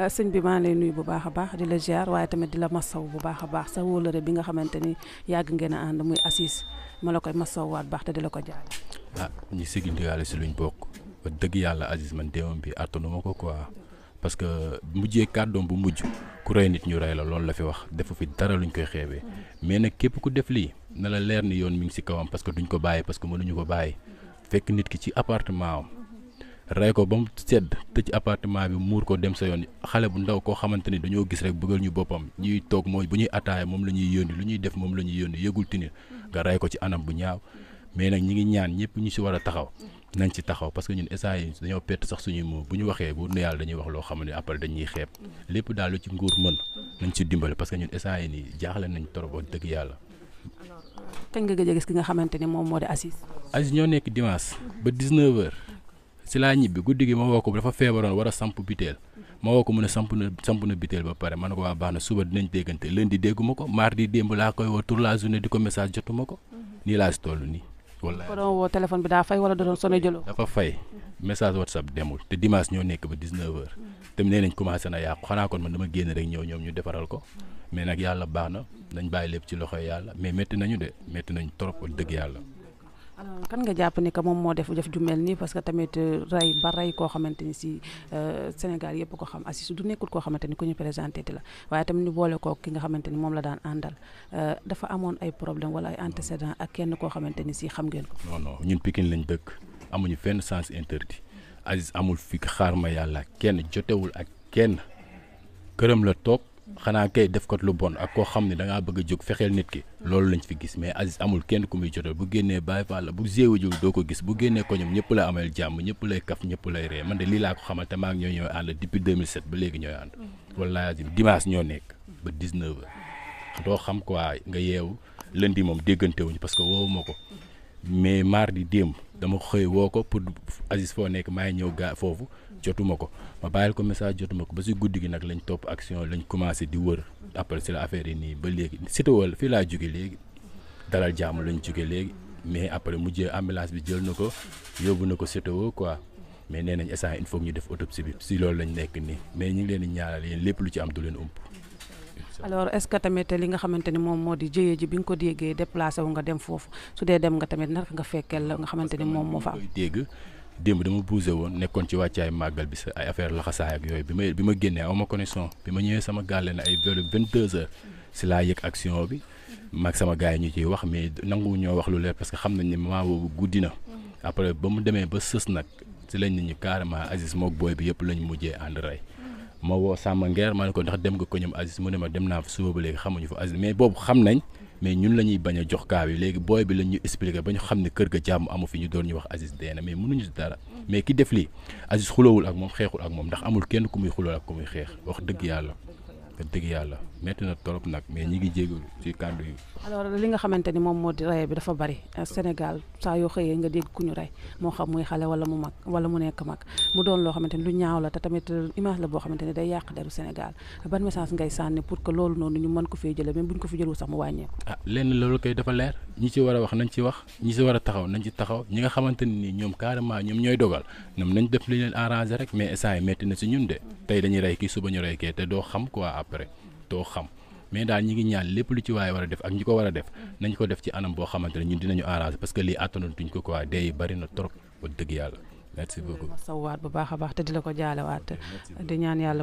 Euh, sëñ bi maa lay nuyu bu baax a baax di la ziar waaye tamit di la masaw bu baax a baax sa wóolëre bi nga xamante ni yàgg ngeen a ànd muy Aziz ma la koy masaw waat baax te di la ko jaale ah ñu sigindiwaale si luñ bokk ba dëgg yàlla Aziz man déewam bi attanuma ko quoi parce que mujjee kàddoom bu mujj ku rey nit ñu rey la loolu la fi wax defu fi dara luñ koy xeebee mais nag képp ku def lii na la leer ni yoon mi ngi si kawam parce que duñ ko bàyyi parce que mënuñu ko bàyyi fekk nit ki ci appartement am rey ko ba mu sedd tëj appartement bi muur ko dem sa yoon xale bu ndaw koo xamante ni dañoo gis rek bëggal ñu boppam ñuy toog mooy bu ñuy ataaya moom la ñuy yónni lu ñuy def moom la ñuy yónni yëgul tinir nga rey ko ci anam bu ñaaw mais nag ñi ngi ñaan ñëpp ñu si war a taxaw nañ ci taxaw parce que ñun instant yi dañoo pett sax suñuy moom bu ñu waxee bu nu yàlla dañuy wax loo xam ne après dañuy xeeb lépp daal lu ci nguur mën nañ ci dimbale parce que ñun instant yi nii jaaxle nañ trop wax dëgg yàlla. alors nga ki nga xamante ne moom moo di Aziz. ñoo nekk dimanche ba 19h. ci laa ñibbi guddi gi ma woo ko dafa feebaroon war a samp biteel ma woo ko mu ne samp na biteel ba pare ma ne ko waa baax na suba dinañ déggante lundi dégguma ko mardi démb laa koy woo toute la journée di ko message jotuma ko mhm. nii toll nii. wallaay ko doon woo téléphone bi daa fay wala doon sonné jëloo. dafa fay message whatsapp demul te dimanche ñoo nekk ba 19h. Mhm. te nee nañ commencé na yàqu xanaa kon man dama génn rek ñëw ñoom ñu defaral ko. Mhm. mais nag yàlla baax na nañ bàyyi lépp ci loxo yàlla mais métti nañu de metti nañ trop dëgg yàlla. alors kan nga jàpp ni que moom moo def jëf ju mel nii parce que tamit euh, rey ba rey koo xamante ni si euh, Sénégal yëpp ko xam su du nekkul koo xamante ni ku ñu présenté ti la waaye tamit ñu boole koo ki nga xamante ni moom la daan àndal euh, dafa amoon ay problème wala ay antécédent ak kenn koo xamante ni si xam ngeen ko. non non ñun Pikine lañu dëkk amuñu fenn sens interdit Aziz amul fi xaar ma yàlla kenn jotewul ak kenn këram la toog. xanaa kay def ko lu bon ak koo xam ne da ngaa bëgg a jóg fexeel nit ki loolu lañ fi gis mais Aziz amul kenn ku muy jotal bu génnee Baye Fall bu géew jóg doo ko gis bu génnee ko ñoom ñëpp la amee jàmm ñëpp lay kaf ñëpp lay ree man de lii laa ko xamal te maa ngi ñoo ñooy ànd depuis 2007 ba léegi ñooy ànd wallaahi Aziz dimanche ñoo nekk ba 19 heures doo xam quoi nga yeewu di moom déggante wuñu parce que woowu ko mais mardi démb dama xëy woo ko pour Aziz foo nekk maa ngi ñëw gaa foofu jotuma ko ma bàyyil ko message jotuma ko ba si guddi gi nag lañu topp action lañ commencé di wër après si la affaire yi nii ba léegi sitawal fii laa jóge léegi dalal jàmm lañ jóge léegi mais après mujjee ambulance bi jël na ko yóbbu na ko sitawoo quoi mais nee nañ instant il ñu def autopsie bi si loolu lañ nekk nii mais ñu ngi leen di ñaanal lépp lu ci am du leen ump alors est-ce que tamit li nga xamante ni moom moo di jëyee ji bi nga ko déggee déplacé wu nga dem foofu su dee dem nga tamit naka nga fekkeel la nga xamante ni moom moo fa am dégg démb dama bougé woon nekkoon ci wàccaay màggal bi sa ay affaire laxasaay ak yooyu bi ma bi ma génnee aw ma connexion bi ma ñëwee sama gàlle ay vélo vingt deux heures si laa yëg action bi maag sama gars yi ñu ciy wax mais nangu ñoo wax lu leer parce que xam na ni moment guddi na après ba mu demee ba sës nag si lañ nit ñi carrément Aziz mook booy bi yëpp lañ mujjee ànd ma woo Samba Nguer ma ne ko ndax dem nga ko ñoom Aziz mu ne ma dem naa fa suba ba léegi xamuñu fa Aziz mais boobu xam nañ mais ñun la ñuy bañ a jox kaa bi léegi booy bi lañ ñu expliqué ba ñu xam ne kër ga jàmm amu fi ñu doon ñu wax Aziz dee na mais mënuñu si dara mais ki def lii Aziz xulawul ak moom xeexul ak moom ndax amul kenn ku muy xuloo ak ku muy xeex wax dëgg yàlla wax dëgg yàlla métti na trop nag mais ñi ngi jégalu ci kàddu yi. alors li nga xamante moom moo di bi dafa bari euh, Sénégal saa yoo xëyee nga dégg ku ñu rey moo xam muy xale wala mu mag wala mu nekk mag mu doon loo xamante lu ñaaw la te tamit euh, image la boo xamante day yàq deru Sénégal ban message ngay sànni pour que loolu noonu ñu mën ko fee jëlee même bu ñu ko fi jëlul sax mu wàññeeku. ah lenn loolu kay dafa leer ñi ci war a wax nañ ci wax ñi ci war a taxaw après doo xam mais daal ñi ngi ñaan lépp lu ci waaye war a def ak ñi ko war a def nañ ko def ci anam boo xamante ne ñun dinañu arranger parce que lii àttanatuñ ko quoi dee yi bari na trop ba dëgg yàlla merci beaucoup. ma sawwaat bu baax a baax te di la ko jaalewaat di ñaan yàlla.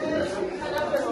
Thank you.